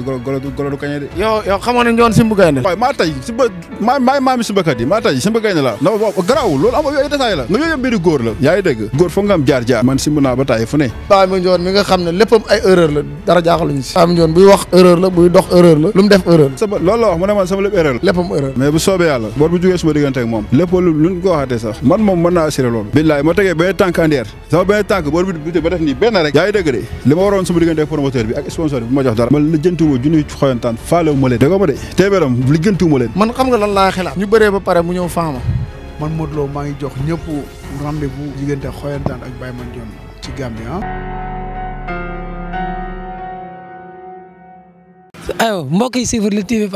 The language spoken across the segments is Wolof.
de golo golo golo du kañe de. yow yow xamoon nañu woon Simbu Gaynde. waaw maa tay Simba maa maa maami Simbakat yi maa tay Simba Gaynde la na garaaw loolu am ay détail la nga yooyu yëpp mbiri góor la am jaar jaar nga xam ne léppam ay erreur la dara jaaxaluñu si Baye Mandione buy wax erreur la buy dox erreur la lu mu def erreur loolu la mu ne sax man moom mën naa assuré loolu billaay ma tegee benn tànk andeer sama benn tànk bor bi ba def nii benn rek yaa ngi de li ma waroon suma diggante ak bi ak sponsor bi ma jox dara wo junniy xoyantaan faalewu ma leen dégg ma de teebeeram li leen man xam nga lan laa xalaat ñu bëree ba pare mu ñëw faama man Modou Lo maa ngi jox ñëpp rendez-vous diggante xoyantaan ak Baye Mandione ci Gambie ah ayo yi suivre Lutte TV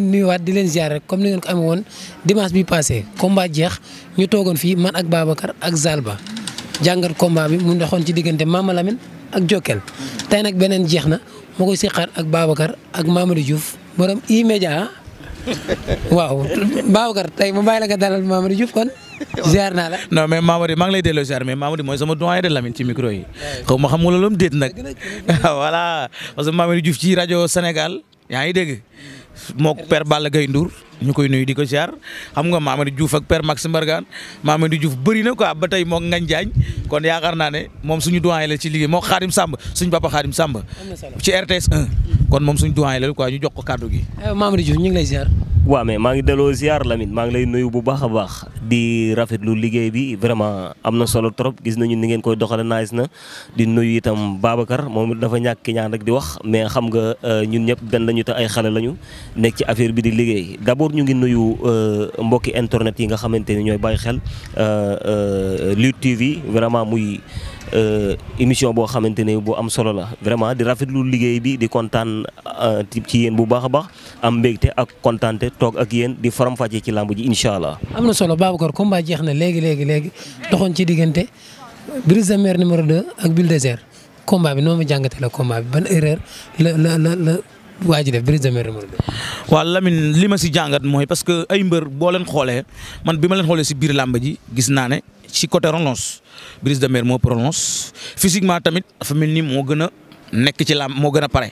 nuyuwaat di leen ziar comme ni woon dimanche bi passé combat jeex ñu toogoon fii man ak Babacar ak Zalba jàngat combat bi mu doxoon ci diggante Mama Lamine ak Jokkel tey nag beneen jeex na moo koy seqaat ak Babacar ak Mamadou Diouf borom E-Media waaw Babacar tey ma bàyyi la nga dalal Mamadou Diouf kon. ziar naa la non mais Mamadou maa ngi lay delloo ziar mais Mamadou mooy sama doyen de Lamine ci micro yi. xaw ma xam nga loolu moom déet nag. voilà parce que ci rajo Sénégal yaa ngi dégg. moo père Balla Gaye Ndour ñu koy nuyu di ko ziar xam nga Mamady Diouf ak père Max Mbargane Mamady Diouf bëri na ko ba tey moo ngañ jaañ kon yaakaar naa ne moom suñu doyen la ci liggéey moo Xaadim Samb suñu papa Xaadim Samb ci RTS 1 kon moom suñu doyen la quoi ñu jox ko kàddu gi. Mamady Diouf ñu ngi lay ziar. waaw mais maa ngi delloo ziar Lamine maa ngi lay nuyu bu baax a baax di rafetlu liggéey bi vraiment am na solo trop gis nañu ni ngeen koy doxale naaj na di nuyu itam Babacar moom dafa ñàkk ñaan rek di wax mais xam nga euh, ñun ñëpp den lañu te ay xale lañu nekk ci affaire bi di liggéey d'abord ñu ngi nuyu euh, mbokki internet yi nga xamante ni ñooy bàyyi xel euh, Lutte TV vraiment muy. émission boo xamante ne bu am solo la vraiment di rafetlu liggéey bi di kontaan ci yéen bu baax a baax am mbégte ak kontaante toog ak yéen di faram-fàccee ci làmb ji incha allah. am na solo Babacar combat jeex na léegi léegi léegi ci diggante Brise de Mer numéro 2 ak Bulldozer combat bi noo ma la combat bi ban erreur la la la la waa ji Brise de Mer numéro 2. waaw Lamine li ma si jàngat mooy parce que ay mbër boo leen xoolee man bi ma leen xoolee si biir làmb ji gis naa ne ci côté relance Brise de Mer moo prolonge physiquement tamit dafa mel ni moo gën nekk ci làmb moo gën a pare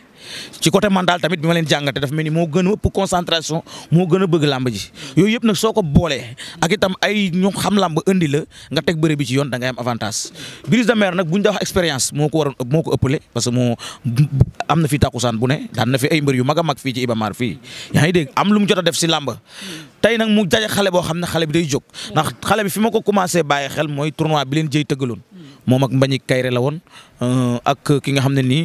ci côté mental tamit bi ma leen jàngate dafa mel ni moo gën a ëpp concentration moo gën a bëgg làmb ji yooyu yëpp nag soo ko boolee ak itam ay ñu xam làmb indi la nga teg bëre bi ci yoon da ngay am avantage. Brise de Mer nag bu ñu wax expérience moo ko waroon moo ko ëppale parce que moo am na fi takkusaan bu ne daan na fi ay mbër yu mag a mag fii ci Ibamar fii yaa ngi dégg am lu mu jot a def si làmb tey nag mu jaje xale boo xam ne xale bi day jóg ndax xale bi fi ma ko commencé bàyyi xel mooy tournoi bi leen jëy tëggaloon moom ak Mbagnick Kairé la woon euh, ak ki nga xam ne nii.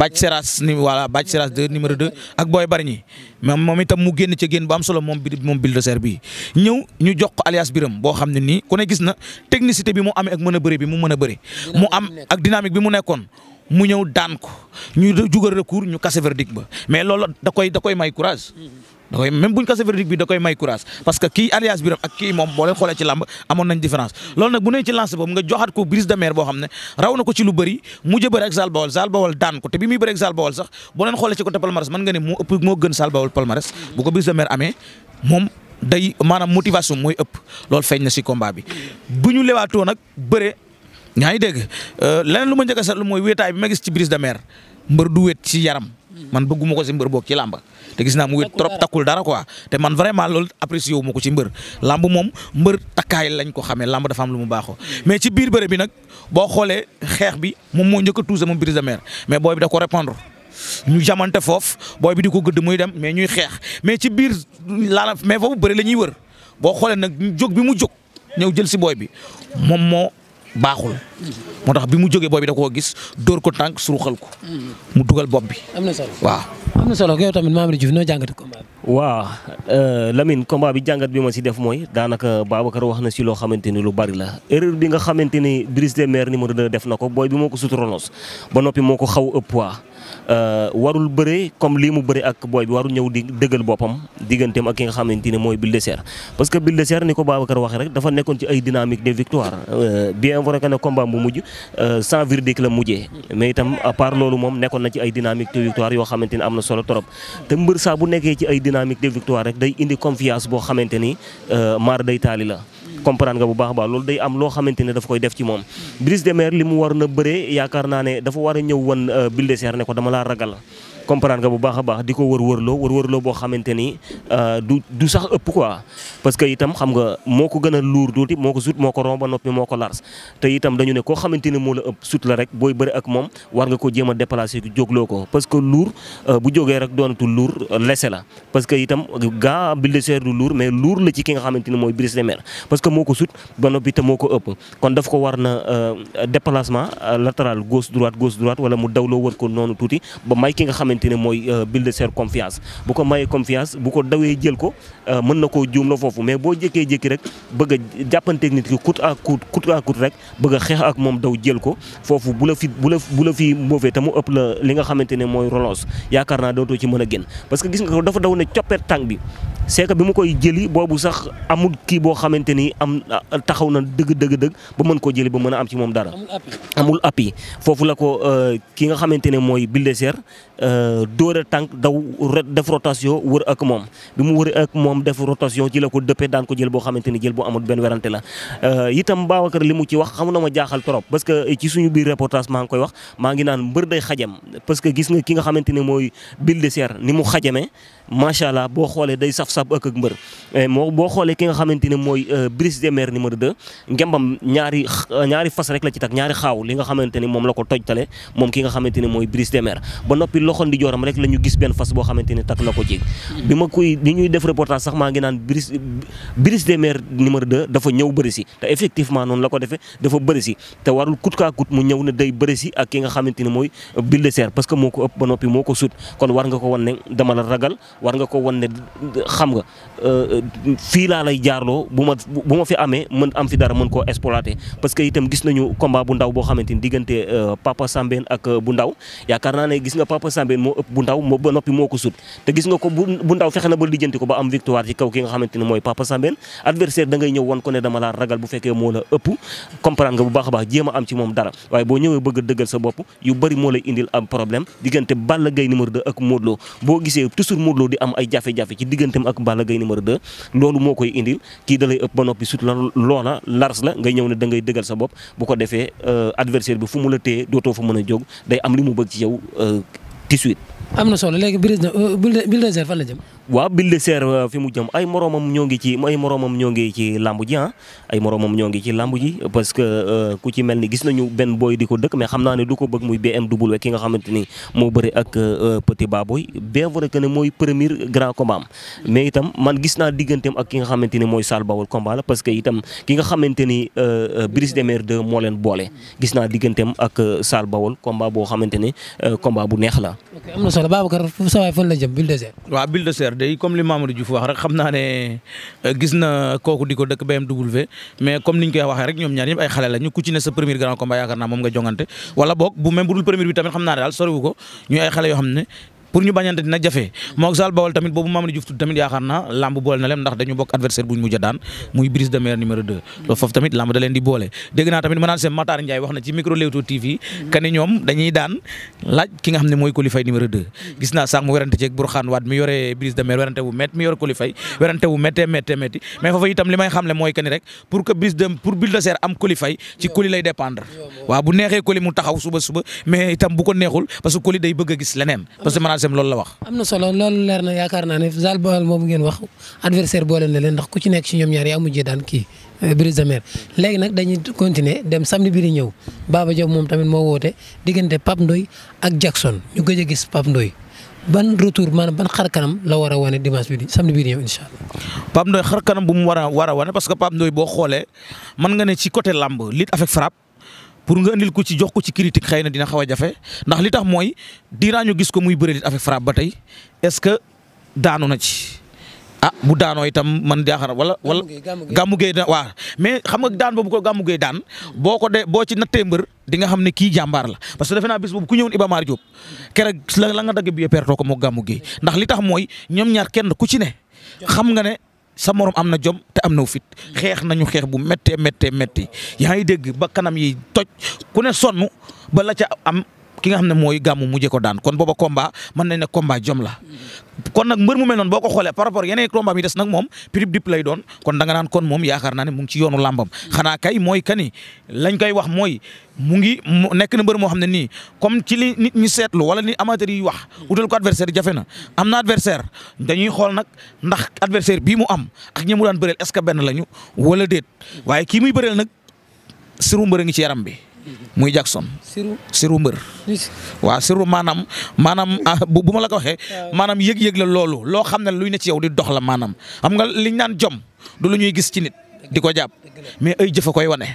Bac Seras ni voilà Bac Seras de numéro 2 ak Boy Bargny moom itam mu génn ca génn bu am solo moom bi moom bulldozer bi ñëw ñu jox ko alias Biram boo xam ne nii ku ne gis na technicité bi mu amee ak mën a bëri bi mu mën a bëri. mu am ak dynamique bi mu nekkoon. mu ñëw daan ko ñu jugal recours ñu kase verdict ba mais loolu da koy da koy may courage. Mm-hmm. da même buñ kase verdict bi da koy may courage parce que kii alliance Biram ak kii moom boo leen xoolee ci làmb amoon nañ différence loolu nag bu nee ci lancé sax boo leen ci côté palmarès mën nga ne moo ëpp moo gën Zal Bawol palmarès bu ko brise de mer amee moom day maanaam motivation mooy ëpp loolu feeñ na si bi bu lewaatoo nag bëre ñaa ngi dégg euh, leneen lu ma njëkk a seetlu mooy wéetaay bi ma gis ci brise de mer mbër du wéet ci yaram man bëgguma ko si mbër boog ci làmb te gis naa mu wét trop takkul dara quoi te man vraiment loolu apprécié wu ma ko ci mbër làmb moom mbër takkaay lañ ko xamee làmb dafa am lu mu baaxoo mais ci biir bëre bi nag boo xoolee xeex bi moom moo njëkk a tuuse moom brise de mer mais booy bi da ko répondre ñu jamante foofu booy bi di ko gëdd muy dem mais ñuy xeex mais ci biir laala mais foofu bëre la ñuy wër boo xoolee nag jóg bi mu jóg ñëw jël si booy bi moom moo baaxul. moo tax bi mu jógee boobu da koo gis dóor ko tànk suruxal ko. mu dugal bopp bi. am na solo waaw. am na solo yow tamit Mamadou Diouf noo jàngate combat bi. waaw euh, Lamine combat bi jàngat bi ma si def mooy daanaka Babacar wax na si loo xamante ni lu bari la erreur bi nga xamante ni Brice Lemaire numéro 2 def na ko booy bi moo ko suturanoos ba noppi moo ko xaw ëpp waa Euh, warul bëre comme lii mu bëre ak booy bi warul ñëw dëggal boppam digganteem ak ki nga xamante ne mooy Bulldozer parce que Bulldozer ni ko Babacar waxee rek dafa nekkoon ci ay dynamique de victoire euh, bien vrai que ne combat bu mujj euh, sans verdict la mujjee mais itam à loolu moom nekkoon na ci ay dynamique de victoire yoo xamante am na solo trop te mbër saa nekkee ci ay dynamique de victoire rek day indi confiance boo xamante ni day taali comprendre nga bu baax baax loolu day am loo xamante ne dafa koy def ci moom Brise de Mer li mu war na bëree yaakaar naa ne dafa war a ñëw wan euh, Buldozer ne ko dama laa ragal comprendre nga bu baax a baax di ko wër-wërloo wër-wërloo boo xamante ni euh, du sax ëpp quoi parce que itam xam nga moo ko gën a luur tuuti moo ko sut moo ko romba noppi moo ko lars te itam ne koo xamante ni moo la ëpp sut la rek booy bëri ak moom war nga ko jéem a déplacer jógloo ko parce que luur euh, bu jógee rek doonatul luur lese la parce que itam gaa Buldozer du luur mais luur la ci ki nga xamante ni mooy Brise de Mer que moo ko sut ba noppi te moo ko ëpp kon daf ko war na euh, déplacement latéral gauche droite gauche droite wala mu dawloo wër ko noonu tuuti ba may ki nga xamante xamante ne mooy euh, builder seen confiance bu ko mayee confiance bu ko dawee jël ko euh, mën na koo juum la foofu mais boo jékkee jékki rek bëgg a jàppanteeg nit ki coûte à coûte coûte à rek bëgg a xeex ak moom daw jël ko foofu bu la fi bu la bu la fi mboofee te mu ëpp la li nga xamante ne mooy relance yaakaar naa dootoo ci mën a génn parce que gis nga ko dafa daw ne coppet tànk bi c'est bi mu koy jëli boobu sax amul kii boo xamante ni am ah, taxaw na dëgg dëgg dëgg ba mën koo jëli ba mën a am ci moom dara. amul appi foofu la ko euh, kii nga xamante ne mooy Bulldozer euh, dóore tànk daw def rotation wër ak moom mu wër ak moom def rotation ci la ko dëppee daan ko jël boo xamante ni jël bu amul benn werante la. Euh, itam Babacar li mu ci wax xam na ma jaaxal trop parce que ci suñu biir reportage maa ngi koy wax maa ngi naan mbër day xajam parce que gis nga ki nga xamante ne mooy Bulldozer ni mu xajamee macha allah boo xoolee day saf sab ak ak mbër eh, boo xoolee ki nga xamante mooy euh, Brise de Mer numéro 2 ngembam euh, ñaari fas rek la ci tak ñaari xaaw li nga xamante mooy Brise de Mer ba de dafa ñëw bëri te effectivement noonu la ko defee dafa bëri te warul kut kaa kut mu ñëw ne day bëri ak ki nga xamante mooy euh, Bulle de Serre parce que moo ko ëpp ba noppi moo ko sut kon war nga ko wan ne dama la ragal war nga ko wan ne xam nga euh, euh, fii laa lay jaarloo bu ma bu fi amee mën am fi dara mën koo exploité parce que itam gis nañu combat bu ndaw boo xamante diggante euh, Papa Sambène ak bu ndaw yaakaar naa ne gis nga Papa Sambène moo ëpp bu ndaw moo ba noppi moo ko sut te gis nga ko bu ndaw fexe na ba lijjanti ko ba am victoire ci kaw ki nga xamante mooy Papa Sambène adversaire da ñëw wan ko ne dama laa ragal bu fekkee moo la ëpp comprendre nga bu baax a baax jéem a am ci moom dara a ak Balla Gaye numéro 2 loolu moo koy indil kii da lay ëpp ba noppi sut la loola lars la ngay ñëw ne da ngay dëggal sa bopp bu ko defee euh, adversaire bi fu mu la téye dootoo fa mën a jóg day am li mu bëgg ci yow euh, tout am na solo léegi Buldozer euh, fan la jëm. waaw Bulldozer euh, fi mu jëm ay moroomam ñoo ngi ci ay ji ah ay moroomam ñoo ngi ci làmb ji parce que euh, ku ci mel ni gis nañu benn booy di ko dëkk mais xam naa ne du ko bëgg muy BMW ki nga xamante ni moo bëri ak euh, Petit Baboy bien vrai que mooy premier grand combat mais itam man gis naa digganteem ak ki nga xamante ni mooy Sall Bawol combat la parce que itam ki nga xamante ni Brise de Mer 2 moo leen boole gis naa digganteem ak Sall Bawol combat boo xamante ni combat bu neex la. Cher comme li Mamadou Diouf wax rek xam naa ne euh, gis na kooku di ko dëkk BMW mais comme niñ koy waxee rek ñoom ñaar ñëpp ay xale la ñu ku ne sa premier grand combat yaakaar naa moom nga jongante wala boog bu même bu dul premier bi xam naa ne daal soriwu ko ñu ay xale yoo xam ne pour ñu bañante dina jafe moog Zal Bawol tamit boobu Mamadou Diouf tudd tamit yaakaar naa lamb boole na leen ndax dañu bokk adversaire bu ñu mujj daan muy Brise de Mer numéro 2 loolu foofu tamit lamb da leen di boole dégg naa tamit mënaan seen Matar Ndiaye wax na ci micro Leewtoo TV que ñoom dañuy daan laaj ki nga xam ne mooy Colifay werante wu métti mi yore mais foofu itam li may xamle mooy que rek pour que Brise de pour Bulldozer am Colifay ci Coli adversaire am loolu la wax. am na solo loolu leer na yaakaar naa ne Zal Baol moom ngeen wax adversaire boole na leen ndax ku ci nekk si ñoom ñaar yaa mujjee daan kii euh, Brise de Mer léegi nag dañuy continuer dem samedi bii ñëw Baba Diop moom tamit moo woote diggante Pape Ndoye ak Jackson ñu gëj a gis Pape Ndoye ban retour maanaam ban xar kanam la war a wane dimanche bi di samedi bii di ñëw incha allah. Pape xar kanam bu mu war a war a wane parce que Pape Ndoye boo xoolee mën nga ne ci côté lamb lutte avec pour nga indil ko ci jox ko ci critique xëy na dina xaw a jafe ndax li tax mooy diiraa ñu gis ko muy bëre lit avec frappe ba tey est-ce que daanu na ci a ah bu daanoo itam man jaaxar wala wala gàmmu gay waaw mais xam nga daan boobu ko gàmmu daan boo ko de boo ci nattee mbër dinga xam ne kii jàmbaar la parce que defe naa bis boobu ku ñëwoon Iba Mar Diop keroog la nga dagg bi pertoo ko moo gàmmu gay ndax li tax mooy ñoom ñaar kenn ku ci ne xam nga ne sa morom am na jom te am na wu fit xeex nañu xeex bu méttee méttee métti yaa ngi dégg ba kanam yi toj ku ne sonn ba la ca am. ki nga xam ne mooy gàmmu mujjee ko daan kon booba combat mën nañ ne combat jom kon nag mbër mu mel noon boo ko xoolee par rapport yeneen combat mi des nag moom prix dip lay doon kon da nga naan kon moom yaakaar naa ne mu ngi ci yoonu làmbam. xanaa kay mooy kani lañ koy wax mooy mu ngi nekk na mbër moo xam ne nii comme ci li nit ñi seetlu wala ni amateur yi wax utal ko adversaire jafe na am na adversaire dañuy xool nag ndax adversaire bii mu am ak ñi mu daan bëreel est-ce que benn lañu wala déet waaye kii muy bëreel nag siru ngi ci yaram bi. muy Jackson. siru siru mbër. waaw siru maanaam maanaam ah, bu bu ma la ko waxee. maanaam yëg-yëg la loolu loo xam ne luy ne ci yow di dox la maanaam am nga liñ naan jom du lu ñuy gis ci nit di ko jàpp mais ay jëf a koy wane.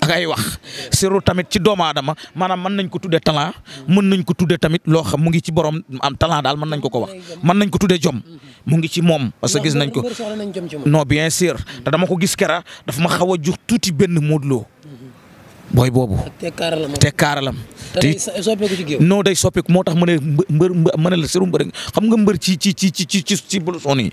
ak ay wax siru tamit ci doomu aadama maanaam mën nañ ko tuddee talent mën nañ ko tudde tamit loo xam mu ngi ci borom am talent daal mën nañ ko ko wax mën nañ ko tuddee jom mhm. mu ngi ci moom parce que gis nañ ko no bien sûr te dama ko gis kera dafa ma xaw a jux tuuti benn Modou booy boobu. te kaaralam te soppeeku ci géew non day soppeeku moo tax ma ne mbër ma ne la seru mbër xam nga mbër ci ci ci ci ci ci blouson yi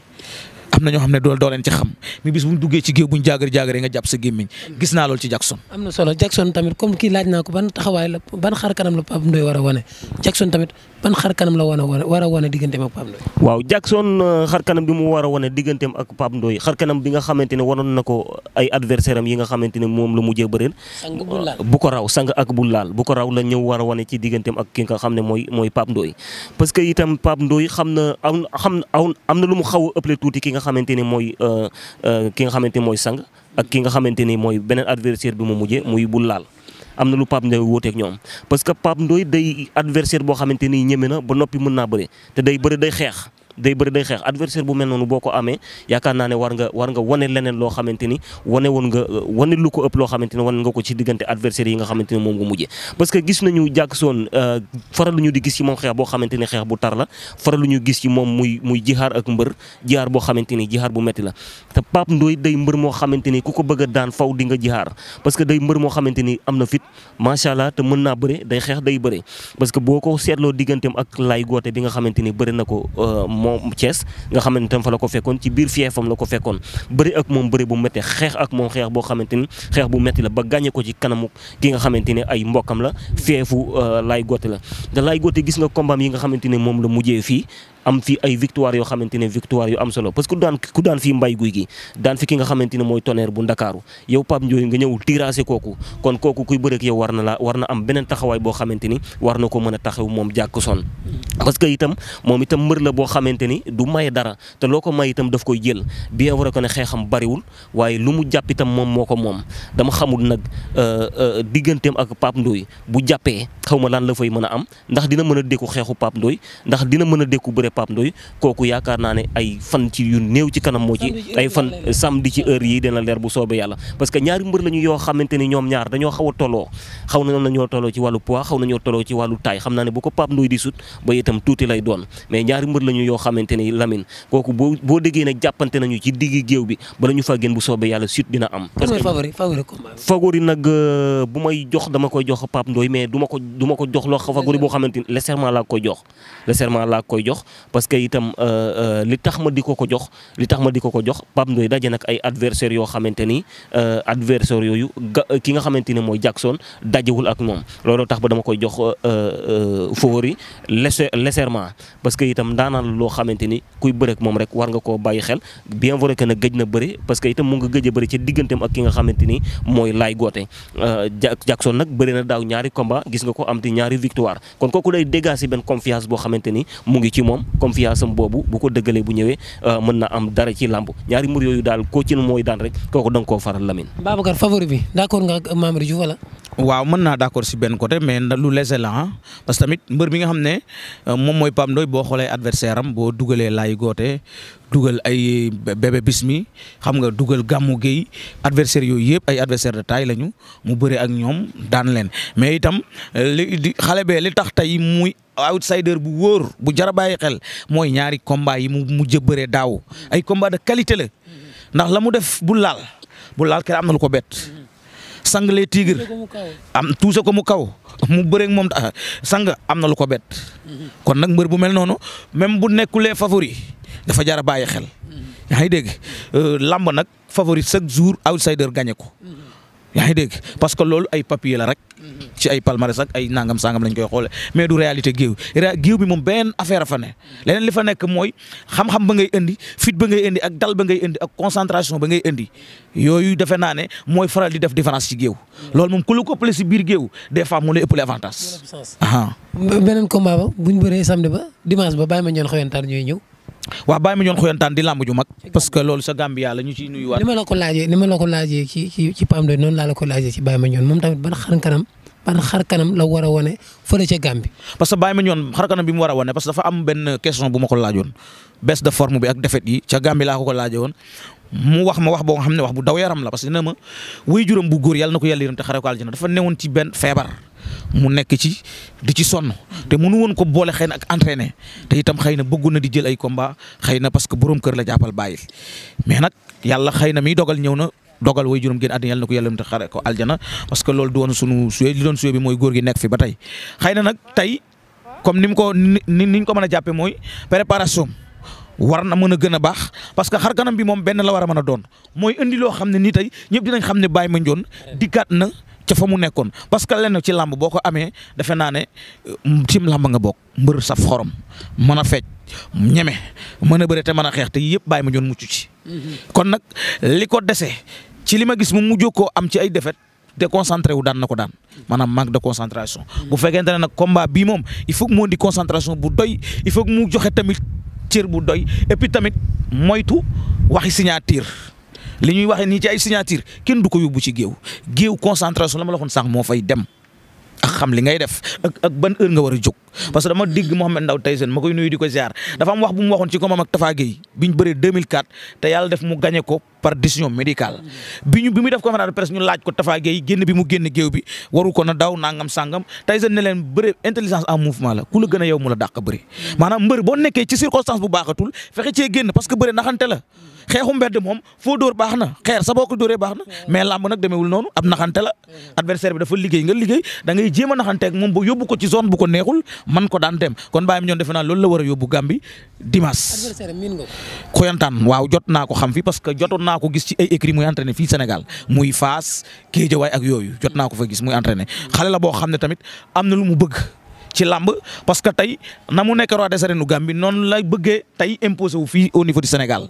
am na ñoo xam ne doo doo leen ci xam mi bis bu ñu duggee ci géew bu ñu jaagar jaagar nga jàpp sa gémmiñ gis naa loolu ci Jackson. am na solo Jackson tamit comme ki laaj naa ko ban taxawaay la ban xar kanam la Pape Ndoye war a wane Jackson tamit ban xar kanam la wane war a wane digganteem ak Pape Ndoye. waaw Jackson euh, xar kanam bi mu war a wane digganteem ak Pape Ndoye xar kanam bi nga xamante ne wanoon na ko ay adversaire am yi nga xamante ne moom la mujjee bëreel. sang bu ko raw sang ak bu laal bu ko raw la ñëw war a wane ci digganteem ak ki nga xam ne mooy mooy Pape parce que itam Pape Ndoye xam na am xam am na lu mu xaw a ëppale tuuti ki nga xamante ne mooy euh, euh, ki nga xamante ne mooy sang ak ki nga xamante ne mooy beneen adversaire bi mu mujjee muy bu laal. am na lu Pape Ndoye wóoteeg ñoom parce que Pape Ndoye day adversaire boo xamante ni ñeme na ba noppi mën naa bëri te day bëri day xeex day bëri day xeex adversaire bu mel noonu boo ko amee yaakaar naa ne war nga war nga wane leneen loo xamante wane wane lu ko ëpp loo xamante wane nga ko ci diggante adversaire yi nga xamante moom nga mujjee parce que gis nañu Jackson euh, faralu ñu di gis ci moom xeex bu tar la faralu ñu gis ci moom muy muy jihaar ak mbër jihaar boo xamante ni jihaar bu metti la te Pape Ndoye day mbër moo xamante ku ko bëgg a daan faw di jihaar parce que day mbër na fit macha allah te mën naa bëre day xeex day moom Thiès nga xamante ni tam fa la ko fekkoon ci biir fiefam la ko fekkoon bëri ak moom bëri bu métti xeex ak moom xeex boo xamante ni xeex bu métti la ba gàññe ko ci kanamu ki nga xamante ne ay mbokkam la fiefu euh, Laay Goté la te Laay Goté gis nga combat yi nga xamante ne moom la mujjee fii am fi ay victoire yoo xamante ne victoire yu am solo parce que ku daan ku daan fii mbay guy gi daan fi ki nga xamante ne mooy tonnerre bu ndakaaru yow Pape Ndoye nga ñëw tiraase kooku kon kooku kuy bëreeg yow war na la war na am beneen taxawaay boo xamante ni war na ko mën a taxaw moom jàkk son parce que itam moom itam mbër la boo xamante ni du maye dara te loo ko may itam daf koy jël bien vrai que ne xeexam bariwul waaye lu mu jàpp itam moom moo ko moom dama xamul nag euh, euh, digganteem ak Pape Ndoye bu jàppee xaw ma lan la fay mën a am ndax dina mën a dékku xeexu Pape Ndoye ndax dina mën a dékku bëre Pape Ndoye kooku yaakaar naa ne ay fan ci yu néew ci kanam moo ci ay fan samedi ci heure yi dina leer bu soobee yàlla parce que ñaari mbër lañu yoo xamante ni ñoom ñaar dañoo xaw a tolloo xaw na tolloo ci wàllu poids xaw na ñoo tolloo ci wàllu taille xam naa ne bu ko Pape Ndoye di sut ba itam tuuti lay doon mais ñaari mbër lañu yoo xamante ni Lamine kooku boo boo déggee ne jàppante nañu ci digg géew bi bala ñu fa gën bu soobee yàlla sut dina am favori nag euh, may jox dama koy jox Pape Ndoye mais duma ko duma ko jox loo favori boo xamante ni légèrement laa koy jox légèrement laa koy jox parce que itam euh, euh, li tax ma di ko ko jox li tax ma di ko ko jox Pape Ndoye daje nag ay adversaires yoo xamante ni euh, adversaires yooyu ki nga xamante ni mooy Jackson dajewul ak moom looloo tax ba dama koy jox favori légèrement parce que itam daanaan loo xamante ni kuy bëreek moom rek war nga koo bàyyi xel bien vrai que nag gëj na bëri que itam mu nga gëj a bëri ci digganteem ak ki nga xamante ni mooy Laay Goote Jackson nag bëri na daaw ñaari combat gis nga ko am ti ñaari victoire kon kooku day dégager benn confiance boo xamante ni mu ngi ci moom confiance boobu bu ko dëggalee bu ñëwee euh, mën na am dara ci làmb ñaari mbir yooyu daal koo ci mooy daan rek kooku da nga koo faral Lamine. Babacar favori bi d'accord nga ak Mamadou Diouf wala. waaw mën naa d'accord si benn côté mais lu léger la ah parce tamit mbër mi nga xam ne euh, moom mooy Pape Ndoye boo xoolee adversaire am boo dugalee laay goote dugal ay bébé bismi xam nga dugal gàmmu géey adversaire yooyu yëpp ay adversaire de taille lañu mu bëre ak ñoom daan leen mais itam li xale bee li tax tey muy outsider bu wóor bu jar a bàyyi xel mooy ñaari combat yi mu mujj bëree daaw ay combat de qualité la ndax la mu def bu laal bu laal kër am na lu ko bett. sang le tigres am tuuse ko mu kaw mu bëreeg moom ah, sang am na lu ko bett mm-hmm. kon nag mbër bu mel noonu même bu nekkulee favori. dafa jar a bàyyi xel. yaa ngi dégg euh, làmb nag favori chaque jour outsider gagné ko. yaa ngi dégg parce que loolu ay papier la rek. ci ay palmarès sax ay nangam sangam lañ koy xoole mais du réalité géew géew bi moom benn affaire a fa ne. leneen li fa nekk mooy xam-xam ba ngay indi fit ba ngay indi ak dal ba ngay indi ak concentration ba ngay indi yooyu defe naa ne mooy faral di def différence ci géew. loolu moom ku la ko ëppale si biir géew des fois mu lay ëppale avantage. beneen combat ba bu ñu bëree samedi ba dimanche ba bàyyi ñooy ñëw. waaw bàyyi ma ñoon xoyantaan di làmb ju mag parce que loolu sa Gambia la ñu ciy nuyuwaat. ni ma la ko laajee ni ma la ko laajee ci ci ma ñoon moom tamit ban xar kanam ban xar kanam la war a wane fële ca Gambie. parce que bàyyi ma ñoon xar kanam bi mu war a wane parce que dafa am benn question bu ma ko laajoon baisse de forme bi ak défaite yi ca Gambie laa ko ko laajee mu wax ma wax boo nga xam ne wax bu daw yaram la parce que nee na ma wuy juróom bu góor yàlla na mu nekk ci di ci sonn te mënu woon ko boole xëy na ak entraîné te itam xëy na bëggu na di jël ay combat xëy na parce que borom kër la jàppal bàyyil mais nag yàlla xëy na miy dogal ñëw na dogal way juróom génn àddina yàlla na ko yàlla mu xare ko aljana parce que loolu du woon sunu suye li doon suye bi mooy góor gi nekk fi ba tey xëy na nag tey comme ni mu ko ni niñ ko mën a jàppee mooy préparation war na mën a gën a baax parce que xar kanam bi moom benn la war a man a doon mooy indi loo xam ne nii tey ñëpp dinañ ca mu nekkoon parce que lenn ci làmb boo ko amee defe naa ne cim euh, làmb nga bokk mbër saf xorom mën a fecc ñeme mën a bëre te mën a xeex te yëpp baay ma ñoon mucc ci. Mm-hmm. kon nag li ko dese ci li ma gis mu mujj koo am ci ay défaite déconcentré wu daan na ko daan maanaam manque de concentration. Mm-hmm. bu fekkente ne nag combat bii moom il faut mu di concentration bu doy il faut mu joxe tamit cër bu doy et tamit moytu waxi signature. li ñuy waxee nii ci ay signature kenn du ko yóbbu ci géew géew concentration la ma la waxoon sànq moo fay dem xam li ngay def ak ak ban heure war a jóg. parce que dama digg Mouhamed Ndao Tyson ma koy nuyu di ko ziar dafa am wax bu mu waxoon ci combat ak Tafa Gueye bi ñu bëree 2004 te yàlla def mu gagné ko par décision médicale. bi bi muy def conférence de presse ñu laaj ko Tafa bi mu génn géew bi waru ko na daw nangam sangam Tyson ne leen bëre intelligence en mouvement la ku la gën a yow mu la dàq bëri. maanaam mbër boo nekkee ci circonstance bu baaxatul fexe cee génn parce que bëre naxante la. xeexu mbedd moom foo dóor baax na xeer sa boo ko dóoree baax na mm. mais làmb nag demeewul noonu ab naxante la mm. adversaire bi dafa liggéey nga liggéey da ngay jéem a naxanteeg moom ba yóbbu ko ci zone bu ko neexul man ko daan dem kon bàyyi ñoon defe naa loolu la war a yóbbu Gàmbi dimanche. adversaire miin nga waaw jot naa ko xam fi parce que jotoon naa ko gis ci ay écrit muy entraîné fii Sénégal muy Fass Guédiawaye ak yooyu jot naa ko fa gis muy entraîné xale la boo xam ne tamit am na lu mu bëgg ci làmb parce que tey na mu nekk roi des arènes Gambie noonu la bëggee tey imposé wu fii au niveau du Sénégal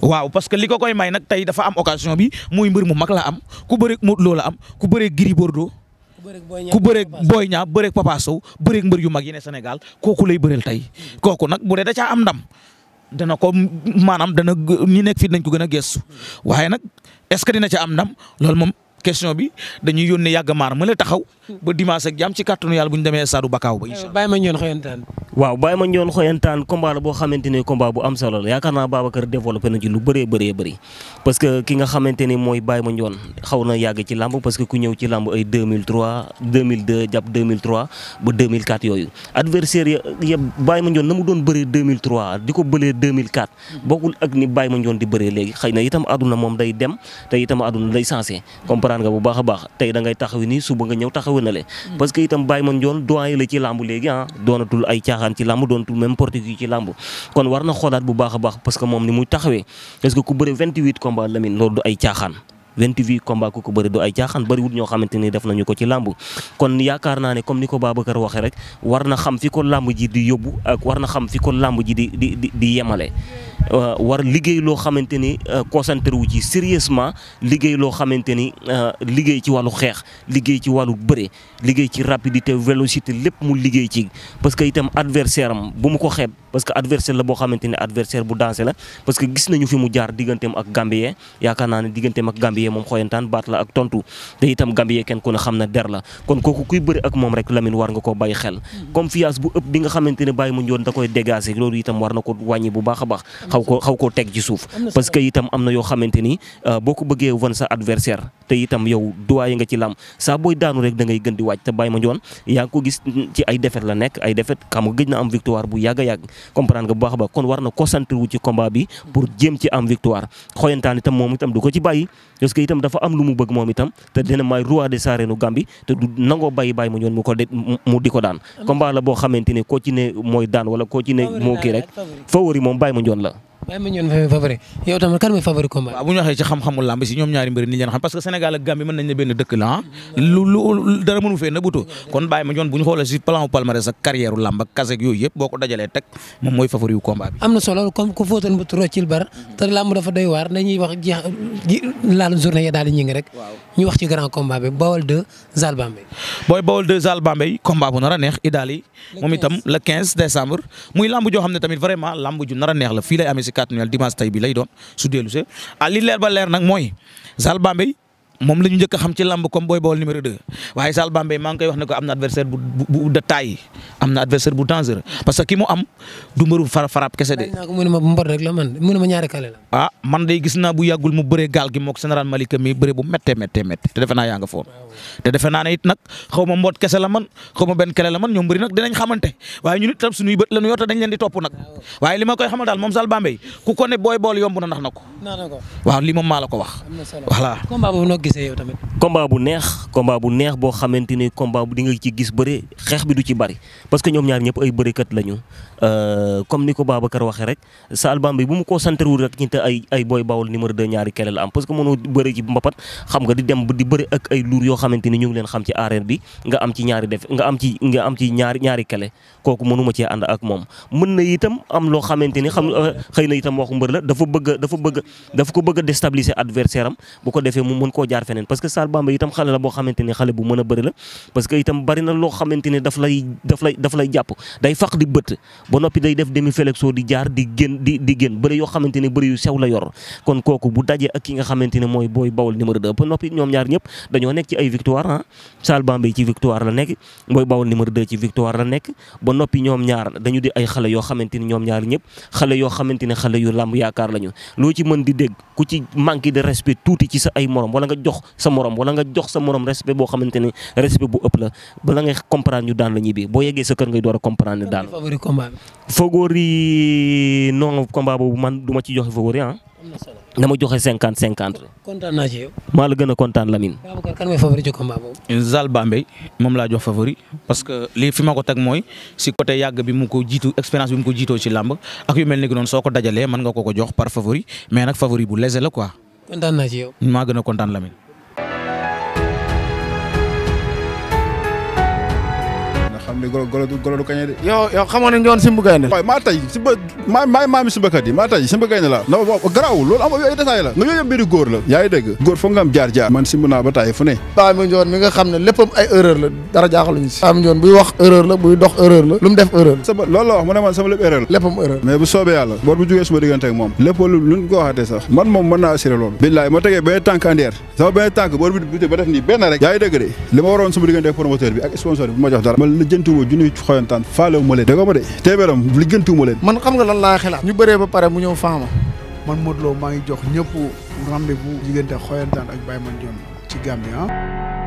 waaw parce que li ko koy may nag tey dafa am occasion bi muy mbër mu mag la am ku bëreeg Modou Lo am ku bëreeg Gris Bordeaux ku bëreeg Boy Niang bëreeg Papa Sow bëreeg mbër yu mag yi ne Sénégal kooku lay bëreel tey kooku nag bu dee da caa am ndam dana ko maanaam dana ñi nekk fii nañ ko gën a gëstu waaye nag est-ce que dina ca am ndam loolu moom question bi dañuy yónnee yàgg maar ma la taxaw ba dimanche ak jàmm ci kàttanu yàlla bu ñu demee Sadou Bakaaw ba incha eh, allah. waaw bàyyi ma ñoon xoyantaan combat boo xamante ne combat bu am solo la yaakaar naa Babacar développé na ci lu bëree bëree bëri parce que ma ñoon na mu doon bëree di ko bëlee 2004 bokkul ak ni bàyyi ma ñoon di bëree léegi xëy na itam aduna moom day dem te itam aduna day sensé comprendre nga bu baax a baax tey da ngay taxaw suba nga ñëw taxaw nale hmm. parce que itam Baye Mandione doyen la ci làmb léegi ah doonatul ay caaxaan ci làmb doonatul même portugais ci làmb kon war na xoolaat bu baax baax parce que moom ni muy taxawee parce que ku bëre 28 combats Lamine loolu du ay caaxaan 28 combats ku ko bëri du ay caaxaan bëriwul ñoo xamante ni def nañu ko ci làmb kon yaakaar naa ne comme ni ko Babacar waxee rek war na xam fi ko làmb ji di yóbbu ak war na xam fi ko làmb ji di yemale. Euh, war liggéey loo xamante ni euh, ci sérieusement liggéey loo xamante ni euh, liggéey ci wàllu xeex liggéey ci wàllu bëre liggéey ci rapidité vélocité lépp mu liggéey ci parce que itam adversaire am bu mu ko xeeb. parce que adversaire la boo xamante ne adversaire bu dansé la parce que gis nañu fi mu jaar digganteem ak Gambie yaakaar naa ne digganteem ak Gambie moom xoyantaan baat la ak tontu te itam Gambie kenn ku ne xam na der la kon kooku kuy bëri ak moom rek Lamine war nga koo bàyyi xel confiance bu ëpp bi nga xamante ne bàyyi mu njoon da koy dégager itam war ko wàññi bu baax a baax xaw ko xaw koo teg ci suuf parce que itam am na yoo xamante ni euh, boo ko bëggee wan sa adversaire te itam yow duwaaye nga ci lam saa booy daanu rek da ngay gën di wàcc te bay ma njoon yaa ngi ko gis ci ay défaite la nekk ay défaite xam nga gëj na am victoire yàgg comprendre nga bu baax ba kon war na concentré wu ci combat bi pour jéem ci am victoire xoyantaan itam moom itam du ko ci bàyyi parce que itam dafa am lu mu bëgg moom itam te dina may roi des arènes Gambie te du nangoo bàyyi bàyyi mu ñoon mu di ko daan combat la boo xamante ne koo ci ne mooy daan wala koo ci ne moo kii rek favori moom bàyyi mu ñoon la Baye moom mooy favori yu Bawol 2 Zal Bambey. booy Bawol 2 Zal Bambey combat a moom itam le 15 décembre muy làmb xam ne tamit vraiment làmb ju neex la fii lay kàttanu Yàlla dimanche lay doon su dellu see ah li leer ba leer nag mooy Zal Bambey moom la ñu xam ci làmb comme Boy Baol numéro 2 waaye Saal Bambey maa ngi wax ne ko am na adversaire bu bu am na adversaire bu dangereux parce que ki mu am du mbëru far kese de. ah man day gis naa bu yàggul mu bëree gaal gi moog général Malika mi bëree bu méttee méttee te defe naa yaa foon. te defe naa ne it nag xaw ma mboot kese la man xaw ma benn kale la man ñoom bëri dinañ xamante waaye ñun itam suñuy bët la ñu yor dañ leen gisee yow tamit. combat bu neex combat bu neex boo xamante ni combat bu di ci gis bëre xeex bi du ci bari parce que ñoom ñaar ñëpp ay bërekat lañu euh, comme ni ko Babacar waxee rek sa album bi bu mu ko santerwul rek ñi te ay ay Boy Baol numéro ñaari kele la am parce que mënoo ci mbapat ak moom mën na itam am loo xamante xam euh, xëy na itam waxu mbër la dafa bëgg dafa bëgg dafa ko bëgg a déstabiliser adversaire am bu ko defee mu mën koo jaar jaar feneen parce que Saal Bamba itam xale la boo xamante ni xale bu mën a bëri la parce que itam bari na loo xamante ni lay daf lay jàpp day faq di bët ba noppi day def demi flexo di jaar di gén di yoo xamante ni yu sew la yor kon kooku bu dajee ak ki nga xamante mooy booy bawol numéro ba noppi ñoom ñaar ñëpp dañoo nekk ci ay victoire ah Saal Bamba ci victoire la nekk booy bawol numéro ci victoire la nekk ba noppi ñoom jox sa morom wala nga jox sa morom respect boo xamante ne respect bu ëpp la bala ngay comprendre ñu daan la ñibbi boo yeggee sa kër ngay door a comprendre daan. favori non combat boobu man du ma ci joxe favori ah. dama joxe cinquante maa la gën a kontaan Lamine. Babacar kan mooy moom laa jox favori parce que lii fi ma ko teg mooy si côté yàgg bi mu ko jiitu expérience bi mu ko jiitoo ci làmb ak yu mel ni ki noonu soo ko dajalee mën nga ko ko jox par favori mais nag favori bu léger la kontaan naa ci xam ne golo golo du golo du kañe de. yow yow xamoon nañu woon simb gaynde. waaye maa tay simba maa maa maami gaynde la na garaaw loolu am ay détails la nga yooyu yëpp mbiri góor la yaa ngi góor foog nga jaar jaar man simb naa ba tay fu ne Paa Ami Ndione mi nga xam ne léppam ay erreur la dara jaaxaluñu si buy wax erreur la buy dox erreur la lu mu def erreur sama loolu la wax mu ne man sama lépp erreur la léppam erreur mais bu soobee yàlla bor bu jógee suma diggante moom lépp lu luñ ko ngi dégg lijjantiwuma junni xoyantaan faalewuma leen danga ma de téeméeram lijjantiwuma leen man xam nga lan laa xelaat ñu bëree ba pare mu ñëw faama man Modou Lo maa ngi jox ñëpp rendez-vous diggante xoyantaan ak Baye Mandione ci Gambie ah